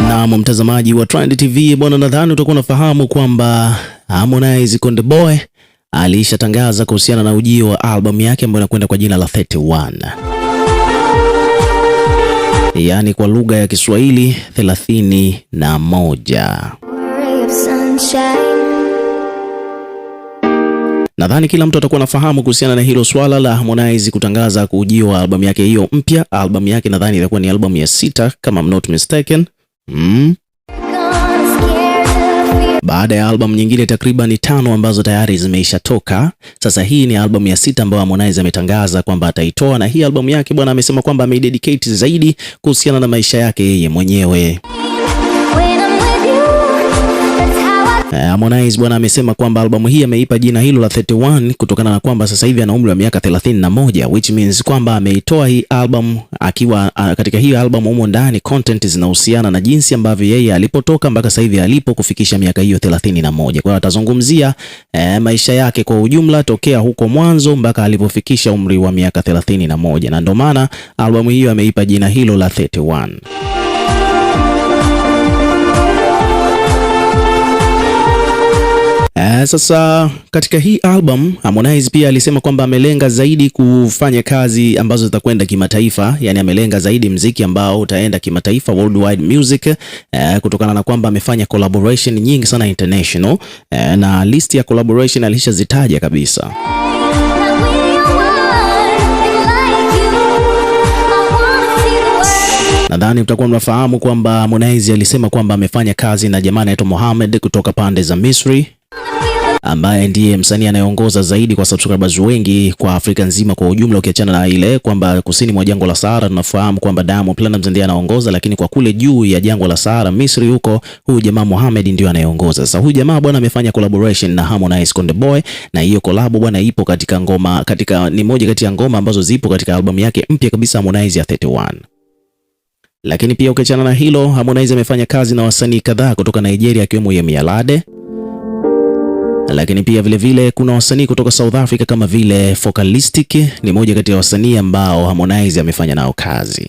Naam, mtazamaji wa Trend TV bwana, nadhani utakuwa unafahamu kwamba Harmonize Konde Boy alishatangaza kuhusiana na ujio wa albamu yake ambayo inakwenda kwa jina la 31, yaani kwa lugha ya Kiswahili 31. Nadhani kila mtu atakuwa nafahamu kuhusiana na hilo swala la Harmonize kutangaza kuujiwa wa albamu yake hiyo mpya. Albamu yake nadhani itakuwa ni albamu ya sita kama I'm not mistaken. Hmm? Baada ya albamu nyingine takriban tano ambazo tayari zimeisha toka, sasa hii ni albamu ya sita ambayo Harmonize ametangaza kwamba ataitoa, na hii albamu yake bwana, amesema kwamba ameidedicate zaidi kuhusiana na maisha yake yeye mwenyewe. Eh, Harmonize bwana amesema kwamba albamu hii ameipa jina hilo la 31 kutokana na kwamba sasa hivi ana umri wa miaka 31, which means kwamba ameitoa hii album akiwa a, ah, katika hii album humo ndani content zinahusiana na jinsi ambavyo yeye alipotoka mpaka sasa hivi alipo kufikisha miaka hiyo 31. Kwa hiyo atazungumzia e, maisha yake kwa ujumla tokea huko mwanzo mpaka alipofikisha umri wa miaka 31, na ndio maana albamu hiyo ameipa jina hilo la 31. Eh, sasa katika hii album Harmonize pia alisema kwamba amelenga zaidi kufanya kazi ambazo zitakwenda kimataifa, yani amelenga zaidi mziki ambao utaenda kimataifa, worldwide music, eh, kutokana na kwamba amefanya collaboration nyingi sana international, eh, na list ya collaboration alishazitaja kabisa. Nadhani mtakuwa mnafahamu kwamba Harmonize alisema kwamba amefanya kazi na jamaa anaitwa Mohamed kutoka pande za Misri ambaye ndiye msanii anayeongoza zaidi kwa subscribers wengi kwa Afrika nzima kwa ujumla, ukiachana na ile kwamba kusini mwa jangwa la Sahara tunafahamu kwamba Diamond Platnumz ndiye anaongoza, lakini kwa kule juu ya jangwa la Sahara Misri huko, huyu jamaa Mohamed ndio anayeongoza. Sasa huyu jamaa bwana amefanya collaboration na Harmonize Konde Boy, na hiyo collab bwana ipo katika ngoma katika, ni moja kati ya ngoma ambazo zipo katika albamu yake mpya kabisa Harmonize ya 31 lakini pia ukiachana na hilo, Harmonize amefanya kazi na wasanii kadhaa kutoka Nigeria akiwemo Yemi Alade lakini pia vilevile vile, kuna wasanii kutoka South Africa kama vile Focalistic ni moja kati ya wasanii ambao Harmonize amefanya nao kazi.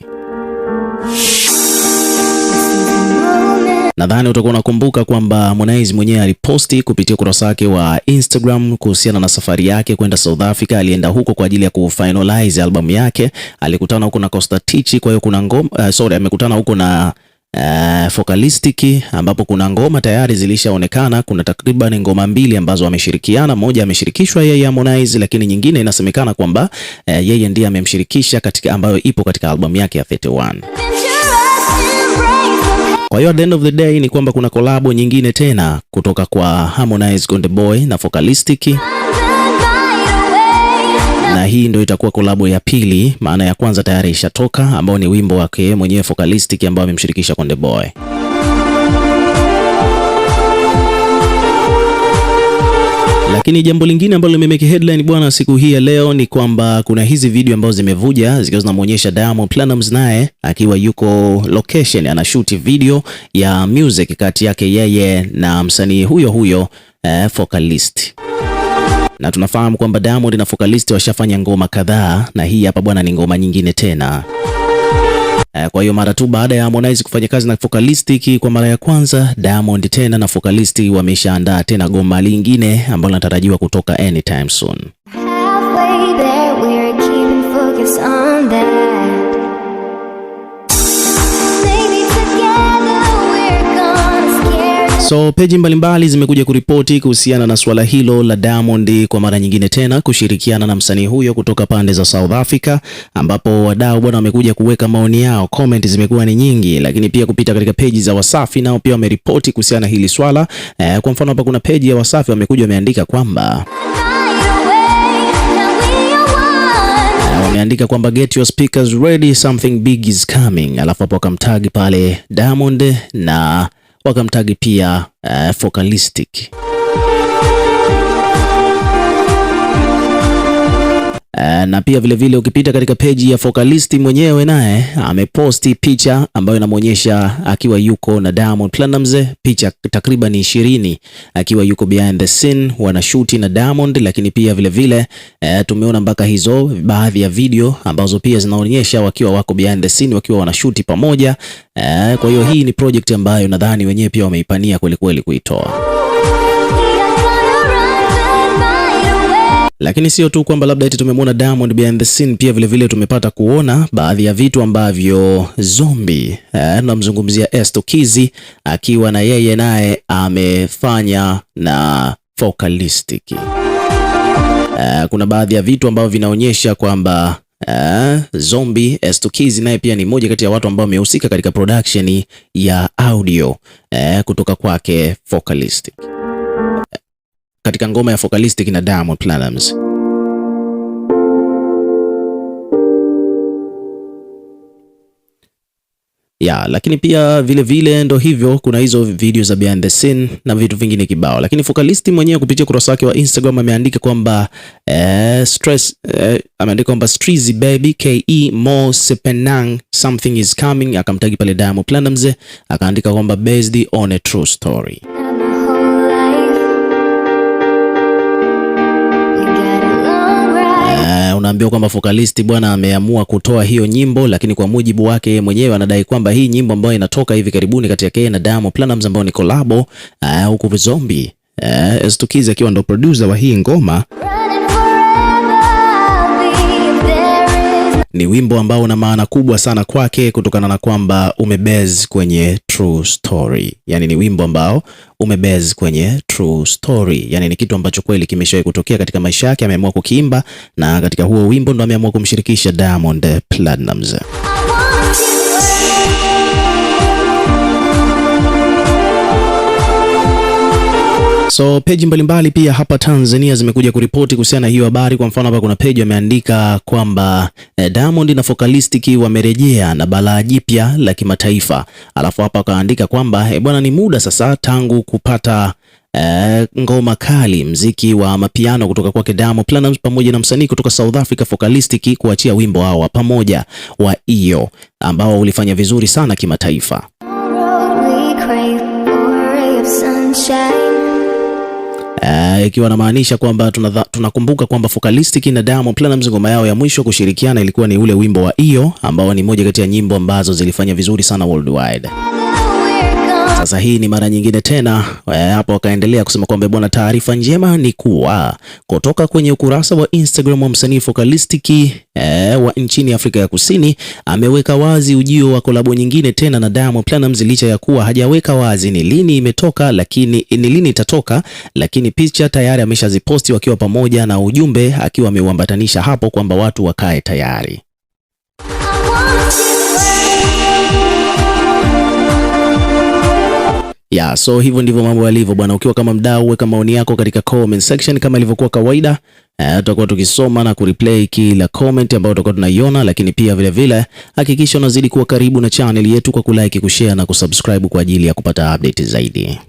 Nadhani utakuwa unakumbuka kwamba Harmonize mwenyewe aliposti kupitia ukurasa wake wa Instagram kuhusiana na safari yake kwenda South Africa. Alienda huko kwa ajili ya kufinalize albamu yake, alikutana huko na Costa Titch. Kwa hiyo kuna ngoma uh, sorry, amekutana huko na uh, Focalistic ambapo kuna ngoma tayari zilishaonekana. Kuna takriban ngoma mbili ambazo ameshirikiana, moja ameshirikishwa yeye Harmonize, lakini nyingine inasemekana kwamba uh, yeye ndiye amemshirikisha katika, ambayo ipo katika albamu yake ya 31. Kwa hiyo at the end of the day ni kwamba kuna kolabo nyingine tena kutoka kwa Harmonize Konde Boy na Focalistic na hii ndio itakuwa kolabo ya pili, maana ya kwanza tayari ishatoka, ambao ni wimbo wake mwenyewe Focalistic ambao amemshirikisha Konde Boy. Lakini jambo lingine ambalo limemeki headline bwana siku hii ya leo ni kwamba kuna hizi video ambazo zimevuja zikiwa zinamuonyesha Diamond Platnumz naye akiwa yuko location anashuti video ya music kati yake yeye na msanii huyo huyo eh, Focalistic na tunafahamu kwamba Diamond na Focalist washafanya ngoma kadhaa, na hii hapa bwana ni ngoma nyingine tena. Eh, kwa hiyo mara tu baada ya Harmonize kufanya kazi na Focalisty kwa mara ya kwanza, Diamond tena na Focalist wameshaandaa tena goma lingine ambalo linatarajiwa kutoka anytime soon. So peji mbalimbali zimekuja kuripoti kuhusiana na suala hilo la Diamond kwa mara nyingine tena kushirikiana na msanii huyo kutoka pande za South Africa, ambapo wadau bwana wamekuja kuweka maoni yao. Comment zimekuwa ni nyingi, lakini pia kupita katika peji za Wasafi nao pia wameripoti kuhusiana hili swala. Eh, kwa mfano hapa kuna peji ya Wasafi wamekuja wameandika kwamba eh, andika kwamba get your speakers ready something big is coming, alafu hapo akamtag pale Diamond na wakamtagi pia uh, Focalistic. Eh, na pia vilevile vile ukipita katika peji ya Focalist mwenyewe naye ameposti picha ambayo inamwonyesha akiwa yuko na Diamond Platinumz, picha takriban ishirini akiwa yuko behind the scene wanashuti na Diamond, lakini pia vilevile vile, e, tumeona mpaka hizo baadhi ya video ambazo pia zinaonyesha wakiwa wako behind the scene wakiwa wanashuti pamoja e, kwa hiyo hii ni project ambayo nadhani wenyewe pia wameipania kweli kuitoa. Lakini sio tu kwamba labda eti tumemwona Diamond behind the scene, pia vilevile vile tumepata kuona baadhi ya vitu ambavyo Zombi tunamzungumzia eh, Estokizi akiwa na yeye naye amefanya na Focalistic eh, kuna baadhi ya vitu ambavyo vinaonyesha kwamba Uh, eh, Zombi Estokizi naye pia ni mmoja kati ya watu ambao wamehusika katika production ya audio uh, kutoka kwake Focalistic katika ngoma ya Focalistic na Diamond Platnumz. Ya, lakini pia vile vile ndo hivyo, kuna hizo video za behind the scene na vitu vingine kibao, lakini Focalist mwenyewe kupitia ukurasa wake wa Instagram ameandika kwamba eh, stress eh, ameandika kwamba stress baby ke mo sepenang something is coming, akamtagi pale Diamond Platnumz akaandika kwamba based on a true story. unaambiwa kwamba vocalist bwana ameamua kutoa hiyo nyimbo, lakini kwa mujibu wake yeye mwenyewe anadai kwamba hii nyimbo ambayo inatoka hivi karibuni kati yake na Diamond Platnumz ambayo ni collab eh, huko zombi Zombie eh, Stukizi akiwa ndo producer wa hii ngoma ni wimbo ambao una maana kubwa sana kwake kutokana na kwamba umebase kwenye true story. Yani ni wimbo ambao umebase kwenye true story, yani ni kitu ambacho kweli kimeshawahi kutokea katika maisha yake, ameamua kukiimba, na katika huo wimbo ndo ameamua kumshirikisha Diamond Platnumz. So peji mbalimbali pia hapa Tanzania zimekuja kuripoti kuhusiana na hiyo habari. Kwa mfano, hapa kuna peji ameandika kwamba eh, Diamond na Focalistic wamerejea na balaa jipya la kimataifa, alafu hapa wakaandika kwamba eh, bwana, ni muda sasa tangu kupata Eh, ngoma kali mziki wa mapiano kutoka kwake Diamond Platnumz pamoja na msanii kutoka South Africa Focalistic kuachia wimbo hawa pamoja wa iyo ambao ulifanya vizuri sana kimataifa. Eh, ikiwa namaanisha kwamba tunakumbuka kwamba Focalistic na Diamond Platnumz ngoma yao ya mwisho kushirikiana ilikuwa ni ule wimbo wa Iyo ambao ni moja kati ya nyimbo ambazo zilifanya vizuri sana worldwide. Sasa hii ni mara nyingine tena hapo, eh, wakaendelea kusema kwamba bwana, taarifa njema ni kuwa kutoka kwenye ukurasa wa Instagram wa msanii Fokalistiki e, eh, wa nchini Afrika ya Kusini ameweka wazi ujio wa kolabo nyingine tena na Diamond Platnumz, licha ya kuwa hajaweka wazi ni lini imetoka, lakini ni lini itatoka, lakini picha tayari ameshaziposti wakiwa pamoja na ujumbe akiwa ameuambatanisha hapo kwamba watu wakae tayari. Yeah, so hivyo ndivyo mambo yalivyo bwana. Ukiwa kama mdau, weka maoni yako katika comment section kama ilivyokuwa kawaida. Uh, tutakuwa tukisoma na kureplay kila comment ambayo tutakuwa tunaiona, lakini pia vile vile hakikisha unazidi kuwa karibu na channel yetu kwa kulike, kushare na kusubscribe kwa ajili ya kupata update zaidi.